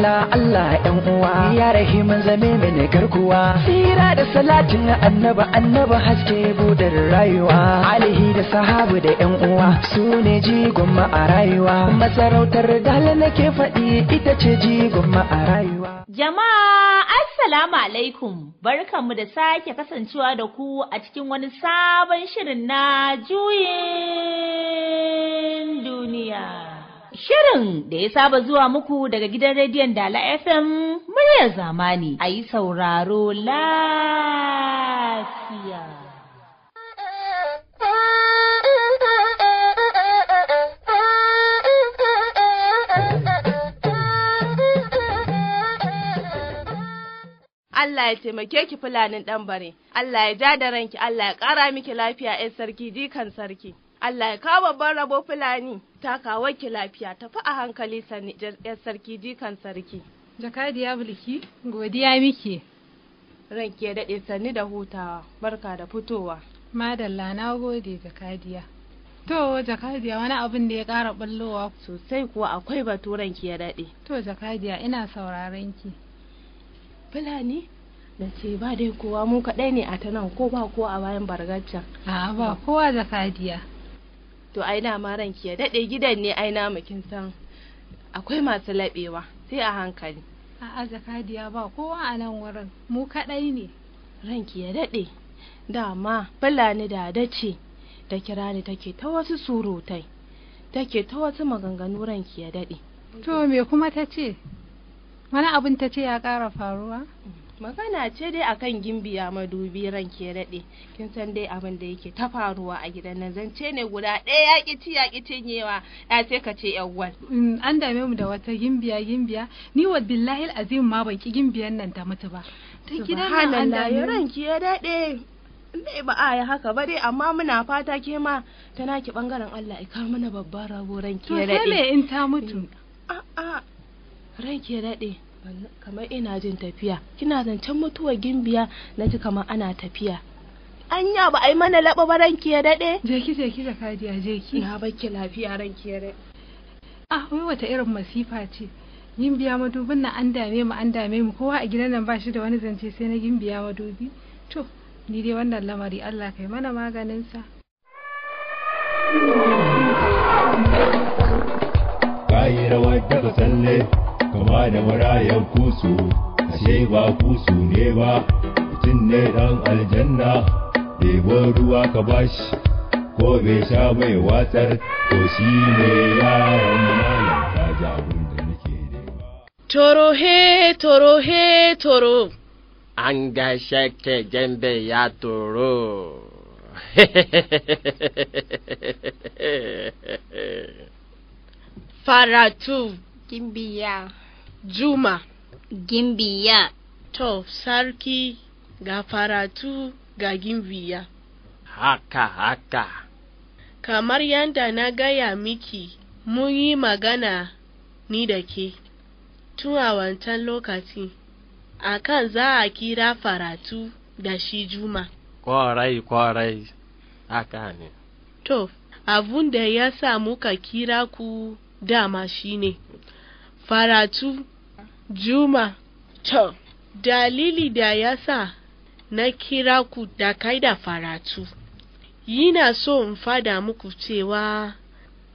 Allah Allah ƴan uwa ya rahimin zame mini garkuwa tsira da salatin annaba annaba haske budar rayuwa alihi da sahabu da ƴan uwa su ne jigon a rayuwa masarautar dala nake faɗi ita ce jigon a rayuwa jama'a assalamu alaikum barkanmu da sake kasancewa da ku a cikin wani sabon shirin na juyin duniya Shirin da ya saba zuwa muku daga gidan rediyon Dala FM murya zamani a yi sauraro lafiya. Allah ya taimake ki fulanin ɗan bare, Allah ya ja da ranki, Allah ya ƙara miki lafiya 'yan sarki jikan sarki, Allah ya kawo babban rabo fulani. takawa ki lafiya tafi a hankali sani yar sarki jikan sarki jakadiya bulki godiya miki ranke daɗe sanni da hutawa barka da fitowa madalla na gode jakadiya to jakadiya wani abin da ya ƙara ɓallowa sosai kuwa akwai batu ki ya daɗe to jakadiya ina sauraron ki fulani na ce ba dai kowa mu kaɗai ne a ta nan ko ba kowa a bayan bargaccen a ba kowa jakadiya to ai ma ranki ya daɗe gidan ne ai namu kin san akwai masu laɓewa sai a hankali a'a zakadiya ba kowa a nan wurin mu kaɗai ne ranki ya daɗe dama fulani da dace ta kira ni take ta wasu surutai take ta wasu maganganu ranki ya daɗe to me kuma ta ce wani abin ta ce ya ƙara faruwa mm. magana ce dai akan gimbiya madubi ran ke daɗe kin san dai abin da yake ta faruwa a gidan nan zance ne guda ɗaya ya ƙi ci ya ƙi cinyewa ya ce ka ce yawwan. Mm, an dame mu da wata gimbiya gimbiya ni wa billahi azim ma ban ki gimbiyan nan ta mutu ba. ta gidan nan an dame ran ki ya daɗe. dai ba a yi haka ba dai amma muna fata ke ma ta naki bangaren Allah ya kawo mana babban rago ranki ya daɗe. to sai me in ta mutu. Mm. a'a ranki ya daɗe. kamar ina jin tafiya kina zancen mutuwar gimbiya na ji kamar ana tafiya anya ba ai mana laba ba ranki ya dade je ki je ki zakadiya je ki na baki lafiya ranki ya dade ah wai wata irin masifa ce gimbiya madubin na an dame mu an dame mu kowa a gidan nan ba shi da wani zance sai na gimbiya madubi to ni dai wannan lamari Allah kai mana maganin sa Gayi rawar da tsalle kama da marayan kusu ashe ba kusu ne ba mutum ne dan aljanna ɗebo ruwa ka bashi ko bai sha mai watsar ko shi ne yaron malam ta jagun da nake ba. Toro he toro he toro. An ga ke gembe ya toro. Faratu, kimbiya. Juma. Gimbiya. To, sarki ga faratu ga gimbiya. Haka, haka. Kamar yadda na gaya miki, mun yi magana ni da ke, tun a wancan lokaci, a kan za a kira faratu da shi Juma. Kwarai, kwarai, haka ne. To, abun da ya sa muka kira ku dama shi ne. Faratu Juma to dalili da ya sa na kira ku da kai da Faratu yina so in fada muku cewa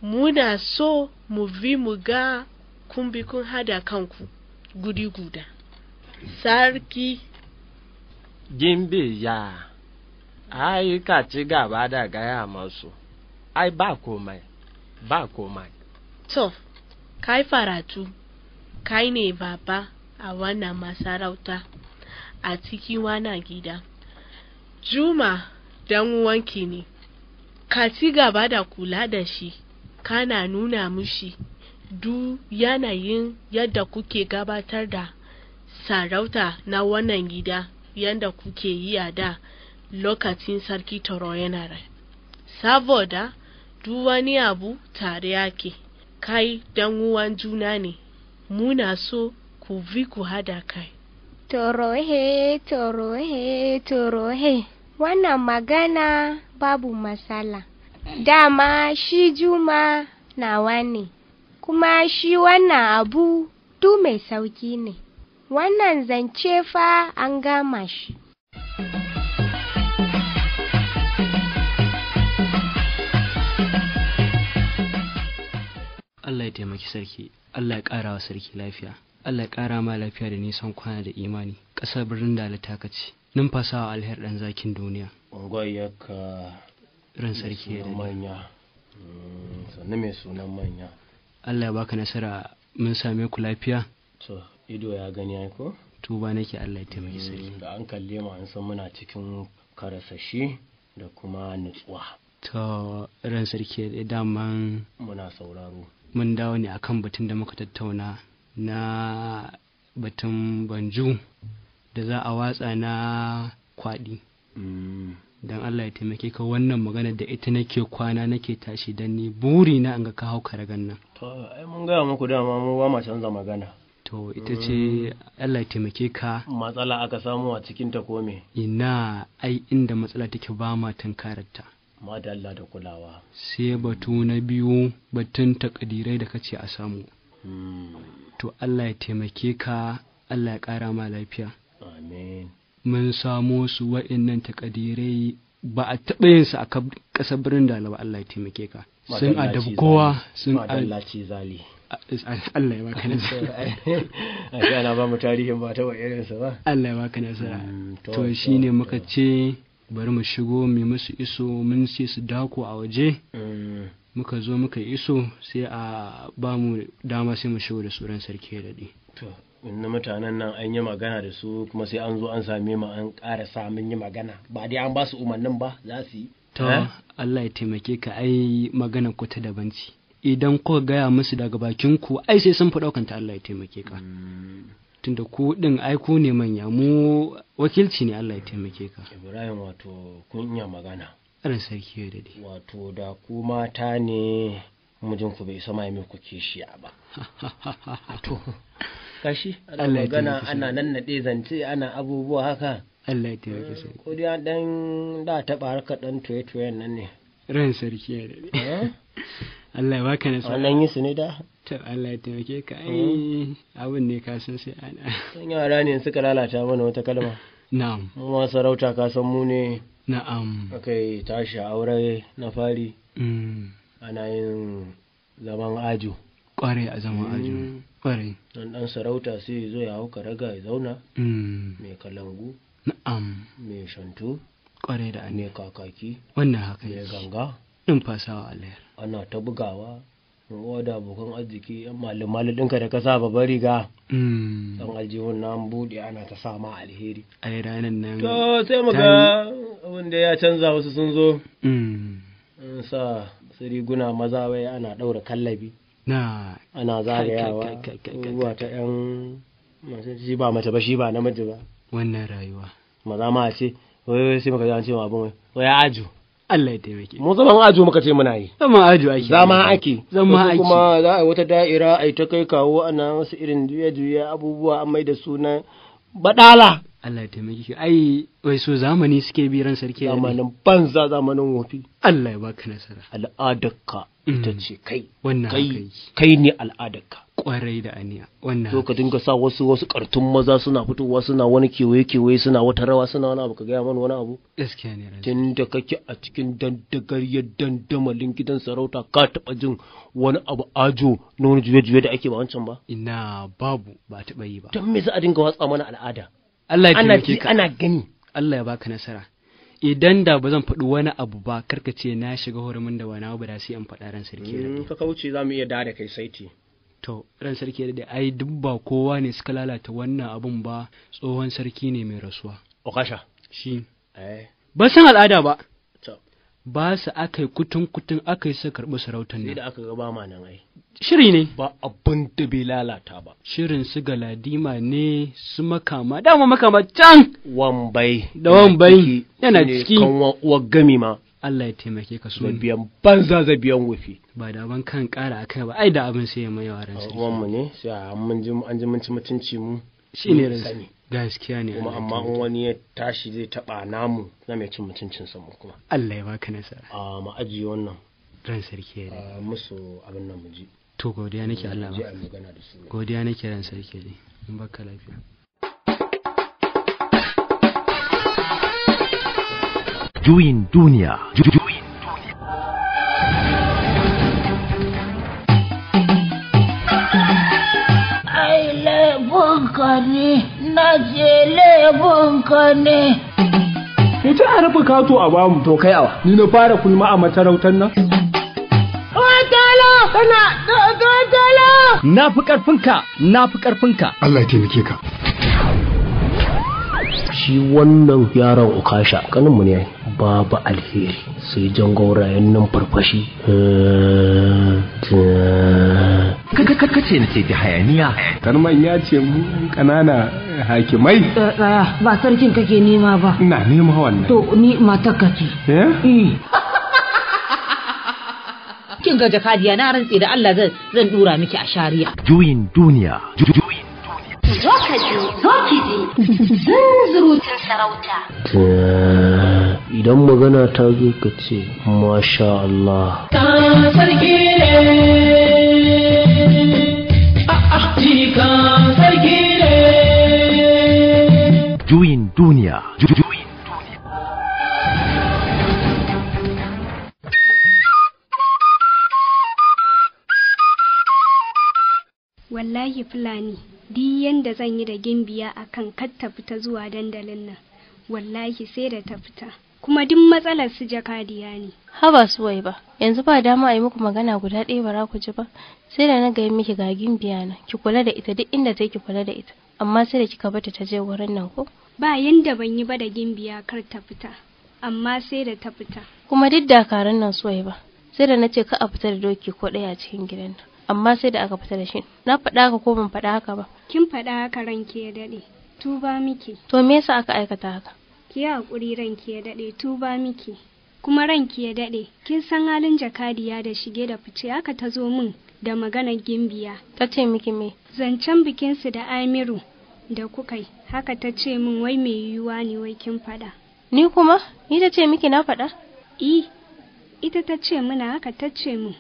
muna so mu bi mu ga kumbikun hada kanku gudi guda sarki gimbe ya ai ka ci gaba da gaya masu ai ba komai ba komai to kai faratu kai ne baba a wannan masarauta a cikin wannan gida juma dan uwanki ne ka ci gaba da kula da shi kana nuna mushi du yanayin yadda kuke gabatar da sarauta na wannan gida yadda kuke yi a da lokacin sarki toro yana rai saboda du wani abu tare yake kai dan uwan juna ne muna so ku vi ku hada kai. Torohe, torohe, torohe, wannan magana babu matsala. Dama shi juma nawa ne, kuma shi wannan abu du mai sauki ne, wannan zance fa an gama shi. Allah ya taimaki sarki Allah ya ƙara wa sarki lafiya Allah ya ƙara ma lafiya da nisan kwana da imani ƙasar birnin da taka ce numfasawa alher dan zakin duniya ka ran sarki ya manya hmm, sannan mai sunan manya Allah ya baka nasara mun same ku lafiya to ido ya gani ai ko tuba nake Allah ya taimaki sarki hmm, da an kalle mu an san muna cikin karasashi da kuma nutsuwa ta ran sarki da daman muna sauraro mun dawo ne akan batun da muka tattauna na batun banju da za a watsa na kwaɗi mm. don Allah ya taimake ka wannan magana da ita nake kwana nake tashi don ni buri na an ga ka hau karagan nan to ai mun gaya muku dama mu ba ma canza magana to ita ce mm. Allah ya taimake ka matsala aka samu a cikin ta kome ina ai inda matsala take ba ma tankararta. madalla da kulawa sai batu na biyu batun takadirai da kace a samu hmm. to Allah ya taimake ka Allah ya kara ma lafiya amin mun samu su wa'annan takadirai ba a taɓa yin su a ƙasar birnin da ba Allah ya taimake ka sun adabu kowa sun madallaci zali Allah ya baka nasara a ana ba mu tarihin ba ta wa irinsa ba Allah ya baka nasara hmm, to shine muka ce bari mu shigo mu musu iso mun sai su dako a waje mm. muka zo muka iso sai a ba mu dama sai mu shigo da su ran sarki ya daɗe na mutanen nan an yi magana da su kuma sai an zo an same mu an ƙara mun yi magana ba dai an ba su umarnin ba za su yi to eh? Allah ya taimake ka ai magana ku ta daban ce idan kuka gaya musu daga bakin ku ai sai sun fi ɗaukanta Allah ya taimake ka mm. tunda ku din ai ku ne manya mu wakilci ne Allah ya taimake ka Ibrahim wato kun iya magana ran sarki ya dade wato da ku mata ne mujin ku bai sama mai ku shi ba to kashi Allah ya magana ana nan nannade zance ana abubuwa haka Allah ya taimake sarki eh, ko dai dan da ta harkar dan toye-toyen nan ne ran sarki ya dade eh? Allah ya baka na Wannan yi su ne da? To Allah ya taimake ka ai hmm. abin ne ka san sai ana. Sun yara ne suka lalata mana wata kalma. Na'am. Mu ma sarauta ka san mu ne. Na'am. Akai tashi aure na fari. Hmm. Ana yin zaman ajo. Kware a zaman ajo. Hmm. Kware. Dan dan sarauta sai ya zo ya hauka raga ya zauna. Mai kalangu. Na'am. Mai shantu. Kware da ne kakaki. Wannan haka. Mai ganga. numfasawa alayar ana ta bugawa ruwa da abokan arziki yan malin ɗinka da ka sa babbar riga ɗan hmm. aljihun na buɗe ana ta sa ma alheri a yi ranar nan to sai muka abin da ya canza wasu sun zo hmm. an sa su riguna maza wai ana ɗaura kallabi na ana zagayawa ruwa ta yan shi ba mace ba shi ba namiji ba wannan rayuwa maza ma a ce wai sai muka ji an ce ma abin wai wai aju Allah ya taimake mu zama ajo muka ce muna yi Zama ajo ake zama ake zama ake kuma za a wata da'ira a yi ta kai kawo ana wasu irin juya juya abubuwa a mai da suna baɗala. Allah ya taimake shi ai wai so zamani suke bi ran sarki zamanin banza zamanin wofi Allah ya baka nasara al'adarka mm. ita ce kai wannan kai kai ne al'adarka kwarai da aniya wannan to ka dinga sa wasu wasu kartun maza suna fitowa suna wani kewaye kewaye suna wata rawa suna wani abu ka gaya mana wani abu gaskiya ne tun da kake a cikin dandagaryar dandamalin gidan sarauta ka taba jin wani abu ajo na wani juye-juye da ake ba wancan ba ina babu ba taba yi ba dan me za a dinga watsa mana al'ada Allah ya taimake ka ana gani Allah ya baka nasara idan da ba zan faɗi wani abu ba karka ce na shiga hurumin da wani ba da sai an faɗa ran sarki mm, in ka kauce za mu iya da kai saiti to ran sarki da ai duk ba kowa ne suka lalata wannan abun ba tsohon sarki ne mai rasuwa okasha shi eh ba san al'ada ba ba su aka yi kutun-kutun aka yi su karɓi sarautar nan. Sai da aka ga ba ma nan ai. Shiri ne. Ba abin da bai lalata ba. Shirin su galadima ne su makama dama makama can. Wambai. Da wambai yana ciki. Kan uwa gami ma. Allah ya taimake ka su. biyan banza biyan wufi. Ba da ban kan ƙara akai ba ai da abin sai ya mai yawa ran Uwanmu ne sai an ji mun mutunci mu. Shi ne ran sani. gaskiya ne kuma amma in wani ya tashi zai taba namu za mai cin mutuncin mu kuma Allah ya baka nasara a mu ajiye wannan ran sarki ne musu abin nan muji to godiya nake Allah ba godiya nake ran sarki ne in baka lafiya juyin duniya juyin I love na lebon ka ne. Wuce a rufe kato a bamu. To kai awa. Ni na fara kulma a matarautar nan. Tala! Tana! Tala! Na fi ƙarfinka! Na fi ƙarfinka! Allah ya taimake ka. Shi wannan yaron Ukasha mu ne babu alheri sai jan gaurayen nan farfashi. Eh, ce na ce da hayaniya tarman ya ce mu kanana hakimai eh, eh, eh, ba sarkin kake nema ba ina nema wannan to ni matar kake eh kin ga jakadiya na rantsi da Allah zan zan dura miki a shari'a juyin duniya juyin duniya zo ka zo sarauta idan magana ta zo ka ce masha Allah. Ta sarki ne. shi sarki ne juyin duniya wallahi fulani di yanda zan yi da gimbiya akan kar ta fita zuwa dandalin nan wallahi sai da ta fita kuma duk matsalar su jakadiya ne haba suwai ba yanzu ba dama a yi muku magana guda ɗaya bara ku ji ba sai da na ga miki gagin biya na ki kula da ita duk inda take ki kula da ita amma sai da kika bata ta je wurin nan ko ba yanda ban yi ba da gimbiya kar ta fita amma sai da ta fita kuma duk dakarun nan suwai ba sai da na ce ka a fita da doki ko ɗaya a cikin gidan nan amma sai da aka fita da shi na faɗa haka ko ban faɗa haka ba kin faɗa haka ranki ya daɗe tuba miki to me yasa aka aikata haka ki hakuri ranki ya daɗe tuba miki kuma ranki ya daɗe kin san halin jakadiya da shige da fice haka ta zo min da maganar gimbiya ta ce miki me zancen bikinsu da amiru da kuka haka ta ce min wai mai yiwuwa ne wai kin faɗa ni kuma ni ta ce miki na faɗa i ita ta ce muna haka ta ce min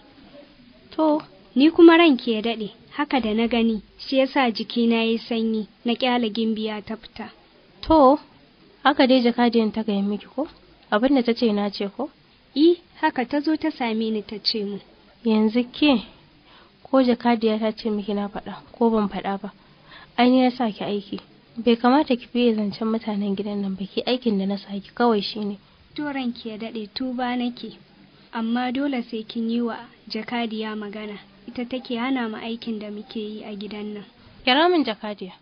to ni kuma ranki ya daɗe haka da na gani shi yasa jikina ya yi sanyi na ƙyala gimbiya ta fita to haka dai jakadiyan ta gaya miki ko abin da ta ce na ce ko i e, haka ta zo ta sami ni ta ce mu yanzu ke ko jakadiya ta ce miki na faɗa ko ban faɗa ba ai ni na sa ki aiki bai kamata ki fiye zancen mutanen gidan nan baki aikin da na sa ki kawai shine to ki ya daɗe tuba nake amma dole sai kin yi wa jakadiya magana ita take hana mu aikin da muke yi a gidan nan kira min jakadiya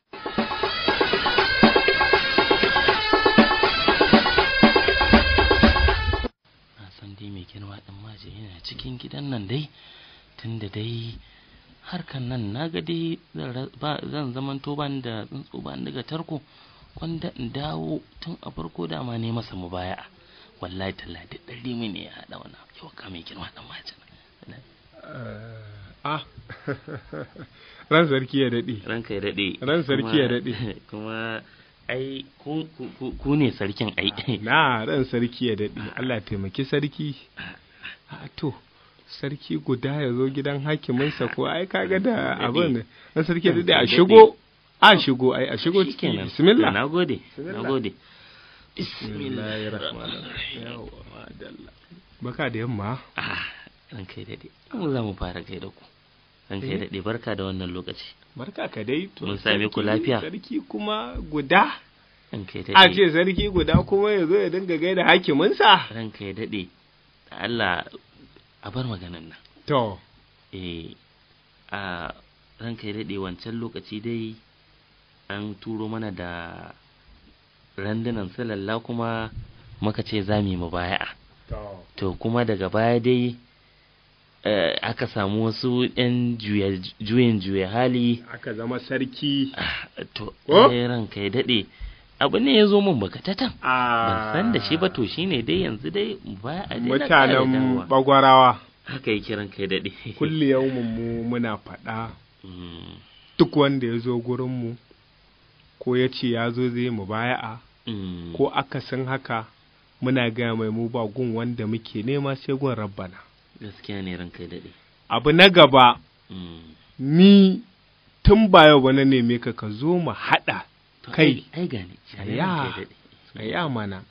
dai mai girma dan maje yana cikin gidan nan dai tunda dai harkan nan na ga dai zan zamanto ban da tsuntsu ban daga tarko wanda in dawo tun a farko dama ne masa mu baya wallahi tallahi da ɗari ne ya haɗa wani yau ka mai girma dan maje a ran sarki ya daɗe ranka ya daɗe ran sarki ya daɗe kuma ai ku ne sarkin ai na ran sarki ya daɗi Allah taimaki sarki to sarki guda ya zo gidan hakiminsa ko ai kaga da abin ran sarki ya daɗi a shigo a shigo ai a shigo ciki bismillah na gode na gode baka da yamma ah, ran kai daɗi an za mu fara kai da ku ran kai eh? daɗi barka da wannan lokaci barka ka dai to mun same ku lafiya sarki kuma guda ranka ya dade a ce sarki guda kuma ya zo ya dinga gaida hakimin sa ranka ya dade Allah a bar maganan nan to eh a ranka ya dade wancan lokaci dai an turo mana da randunan salalla kuma muka ce za mu yi mubaya'a to kuma daga baya dai Eh, aka samu wasu 'yan juyin juya hali aka zama sarki ah, to eh, ran kai daɗe abu ne ya zo mun bagatatan ah. ban san da shi ba to shi ne dai yanzu dai ba a mutanen bagwarawa haka yi kiran kai daɗe kulli yawmin mu muna faɗa mm. duk wanda ya zo gurinmu ko ya ce ya zo zai mu baya'a mm. ko akasin haka muna gaya mai mu ba gun wanda muke nema sai gun rabbana gaskiya ne ranka daɗe abu na gaba hmm. ni tun ba yau ba na neme ka ka zo mu haɗa kai ai gane a ya mana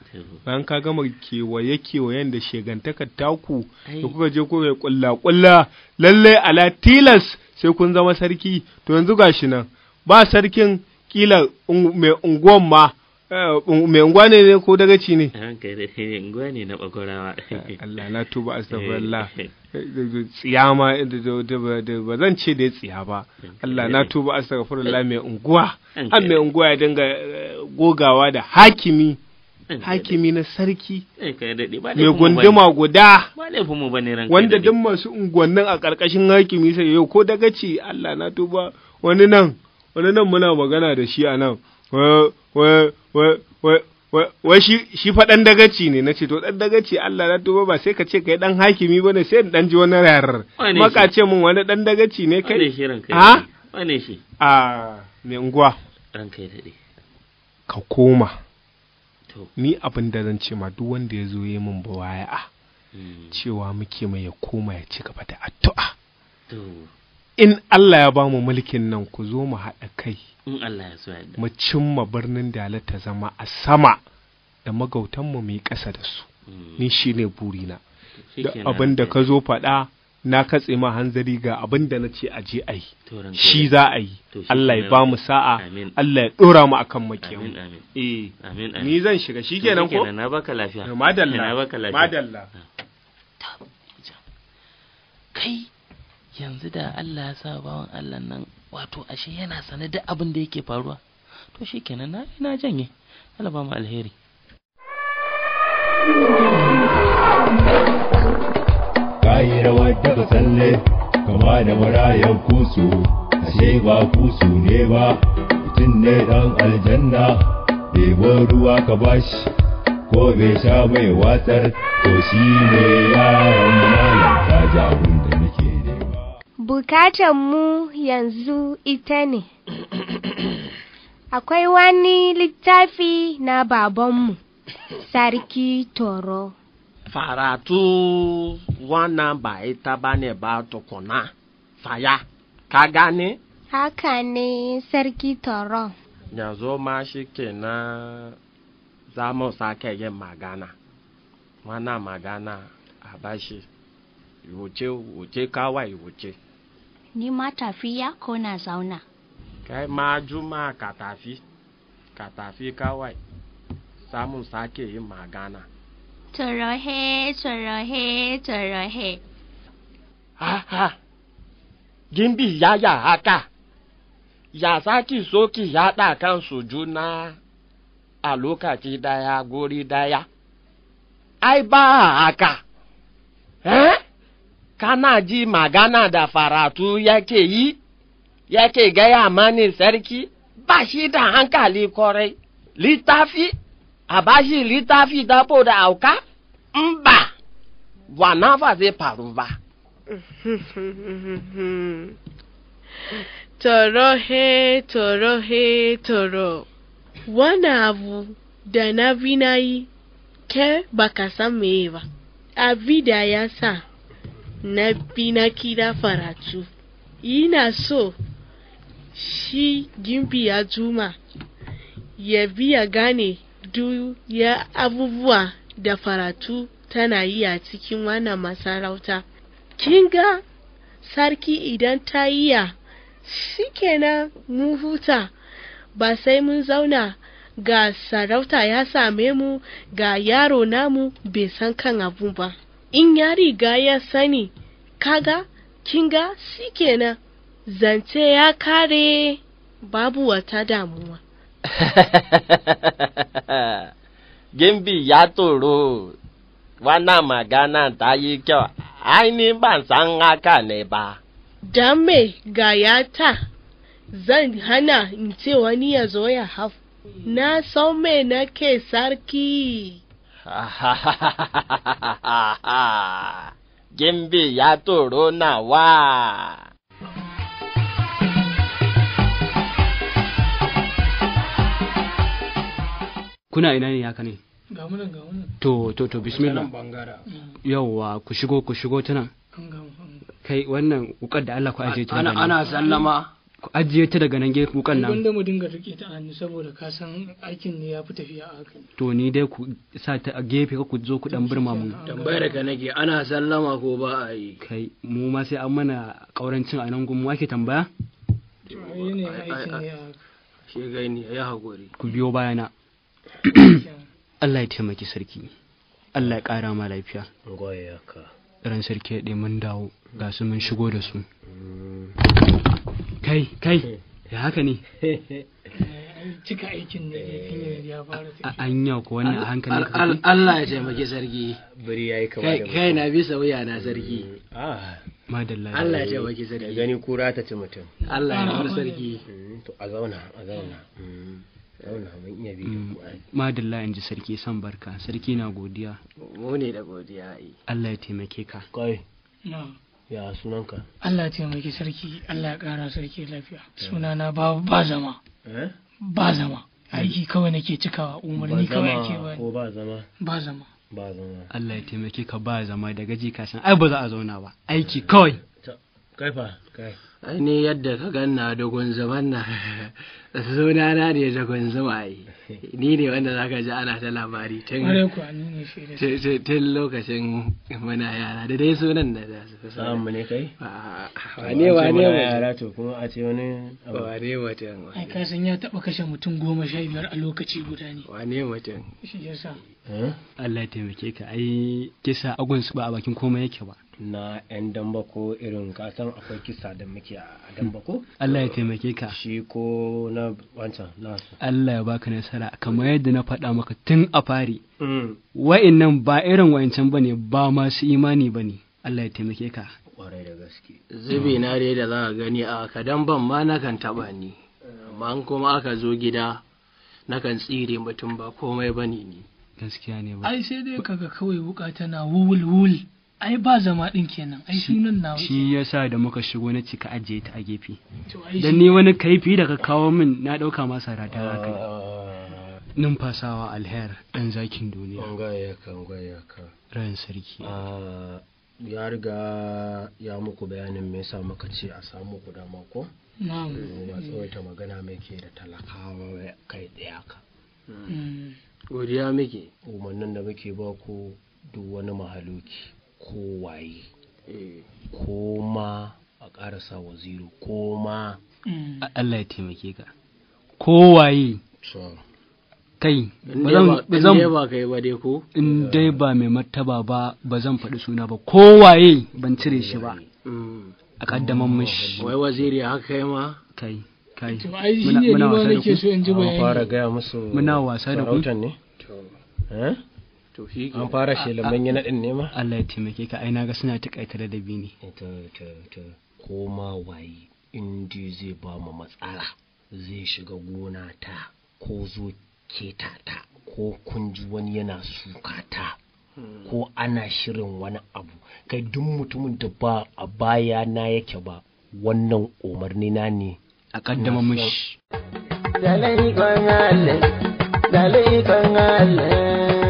bayan ka gama kewaye kewayen da shegantakar taku da kuka je kuka kulla kulla lallai ala tilas sai kun zama sarki to yanzu gashi nan ba sarkin kila mai unguwan ma Eh, um, mai unguwa ne ko ko dagaci ne unguwa na bagwarawa eh, Allah na tuba astaghfirullah eh. Tsiyama ma ba zan ce da tsiya ba Allah na tuba astaghfirullah mai unguwa an mai unguwa ya dinga gogawa da hakimi hakimi na sarki mai gunduma guda wanda duk masu unguwannin a ƙarƙashin hakimi sai yau ko dagaci Allah na tuba wani nan wani nan muna magana da shi a nan wai shi fa ɗan dagaci ne na ce to ɗan dagaci Allah na tuba ba sai ka ce kai ɗan hakimi ba ne sai dan ɗan ji wani rayar maka ce mun wani ɗan dagaci ne kai ha wane shi a mai unguwa ɗan kai daɗe ka koma ni abin da zan ce ma duk wanda ya zo yi min bawaya'a hmm. cewa muke mai ya koma ya ci gaba da addu'a in Allah ya ba mu mulkin nan ku zo mu haɗa kai in Allah ya so mu cimma birnin Dala ta zama a sama da magautan mu mai ƙasa da su mm. ni shine burina da abin da ka zo faɗa na katse ma hanzari ga abin da na ce a je a yi shi za a yi Allah ya ba mu sa'a Allah ya dora mu akan makiyan eh ni zan shiga shi kenan ko na baka lafiya madalla madalla ah. kai yanzu da Allah ya sa bawan Allah nan wato ashe yana sane da abin da yake faruwa to kenan na na janye Allah ba mu alheri kayi rawar da tsalle kama da marayan kusu ashe ba kusu ne ba mutum ne ɗan aljanna ɗebo ruwa ka bashi ko bai sha mai watsar to shi ne yaron malam ta ji da nake Bukatan mu yanzu ita ne, akwai wani littafi na babanmu, Sarki Toro. Faratu wannan ba ita ba ne ba tukuna, faya, ka gane? Haka ne Sarki Toro. Yanzu ma shi kenan na mu sake yin magana, wannan magana a bashi, wuce wuce kawai wuce. ni ma tafi yako na zauna kai ma juma ka tafi ka tafi kawai samun sake yin magana torohe torohe Ha ha. gimbi yaya haka ya saki soki ya haɗa kansu juna a lokaci daya gori daya ai ba haka eh kana magana da faratu yake yi yake gaya amani sarki ba shi da hankali kwarai littafi a ba shi littafi dafo da auka in ba zai faru ba toro he toro he toro wani abu da na bi yi ke baka san me ba abi ya sa na bi na faratu ina so shi gimbi ya juma ya biya gane du ya abubuwa da faratu tana yi a cikin wannan masarauta kinga sarki idan ta yi a shikenan mu huta ba sai mun zauna ga sarauta ya same mu ga yaro namu bai san kan abu ba in ya riga ya sani kaga kinga kenan zance ya kare babu wata damuwa gimbi ya toro wannan magana ta yi kyau aini ban san haka ne ba don ga ya ta zan hana in ce wani ya zo ya hafu, na san na ke sarki Gimbi ya toro na wa. Kuna ina ne ya ka ne? Ga munan ga To, to, to, bismillah. Mm. Yawwa, ku shigo, ku shigo tana. Kai wannan wukar da Allah ku aje ta. Ana sallama. ku ajiye ta daga nan gefe kukan nan wanda mu dinga rike ta hannu saboda ka san aikin ne ya fi tafiya a hakan to ni dai ku sa ta a gefe ku zo ku dan burma mu Tambaya daga nake ana sallama ko ba a yi kai mu ma sai an mana kaurancin a nan gumu wake tambaya shi gani ya hakuri ku biyo bayana Allah ya taimaki sarki Allah ya ƙara ma lafiya. Ngoyaka. ran sarki ɗe mun dawo ga su mun shigo da su kai kai ya haka ne cika aikin ne ya fara an yau ko wannan a hankali Allah ya taimake sarki bari yayi kama da kai na bi sauya na sarki ah. madalla Allah ya taimake sarki gani kura ta ci mutum Allah ya bar ah, sarki mm, to a zauna a zauna mm. Mm, madalla in ji sarki san barka sarki na godiya ne da godiya Allah ya taimake ka kai ya sunanka Allah ya taimake sarki Allah ya kara sarki lafiya eh. sunana ba ba zama eh? ba zama aiki kawai nake cikawa umarni kawai ke ba ko ba zama ba zama ba zama Allah ya taimake ka ba zama daga ji ka san ai ba za a zauna ba aiki kawai kaifa ai ne yadda ka ganna dogon zaman na suna na ne dogon zama yi ni ne wanda za ka ji ana ta labari tun lokacin muna yara da dai sunan da za su fi samun ne kai ah, wane wane yara to kuma a ce wani wane mutum ai kasan ya taba kashe mutum goma sha biyar a lokaci guda ne wane mutum shi yasa eh? Allah ya taimake ka ai kisa agunsu ba a bakin komai yake ba na 'yan damba ko irin kasan akwai kisa kirista da muke a damba ko Allah ya taimake ka shi ko na wancan nasu Allah ya baka nasara kamar yadda na faɗa maka tun a fari mm. wa'annan ba irin ba bane ba masu imani bane Allah ya taimake ka kwarai da gaske zubi na dai da za gani a kadan ban ma na kan taba ni amma kuma aka zo gida na kan tsire mutum ba komai bane ni gaskiya ne ba ai sai dai kaga kawai wuka tana wuwul wul ai ba zama din kenan ai shi nan na shi yasa da muka shigo na cika ajiye ta a gefe dan ni wani kaifi da ka kawo min na dauka masa rata haka ah. numfasawa alher dan zakin duniya ran sarki ah, ya riga ya muku bayanin me yasa muka ce a samu ku da mako? na'am eh, ba tsawaita magana mai ke da talakawa kai daya ka mm. godiya muke umarnin da muke ba ku duk wani mahaluki kowaye eh. koma a ƙarasa wa zero koma mm. Allah ya taimake ka kowaye kai ba zan ba kai ba dai ko in dai ba mai martaba ba ba zan faɗi suna ba kowaye ban cire shi ba mm. a kaddaman oh. mishi wai waziri haka kai ma kai kai muna wasa da ku muna wasa da ku an fara shelaman yana din ne ma Allah ya taimake ka aina ga suna takaita da dabi ne eh, to to to koma waye indi zai ba mu matsala zai shiga gona ta ko zo keta ta ko kunji wani yana suka ta hmm. ko ana shirin wani abu kai duk mutumin da ba a baya na yake ba wannan umarni na ne a kaddama mishi dalai kan Allah dalai kan Allah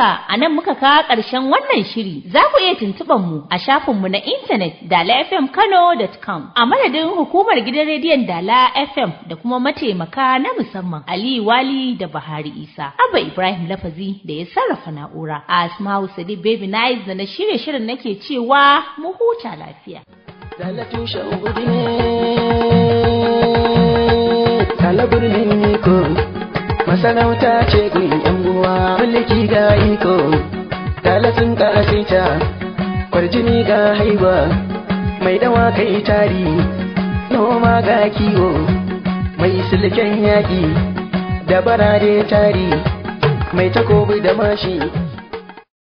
haka a nan muka kawo ƙarshen wannan shiri za ku iya tuntuɓar mu a shafinmu na intanet dalafmkano.com a madadin hukumar gidan rediyon dala fm da kuma mataimaka na musamman ali wali da bahari isa abba ibrahim lafazi da ya sarrafa na'ura a asma'u sadi baby nice da na shirye shirin nake cewa mu huta lafiya. Dala ne, ko masarauta ce kun yan uwa mulki ga iko talatin ƙasaita kwarjini ga haiba mai dawa kai tari noma ga kiwo mai silken yaƙi da barare tari mai takobi da mashi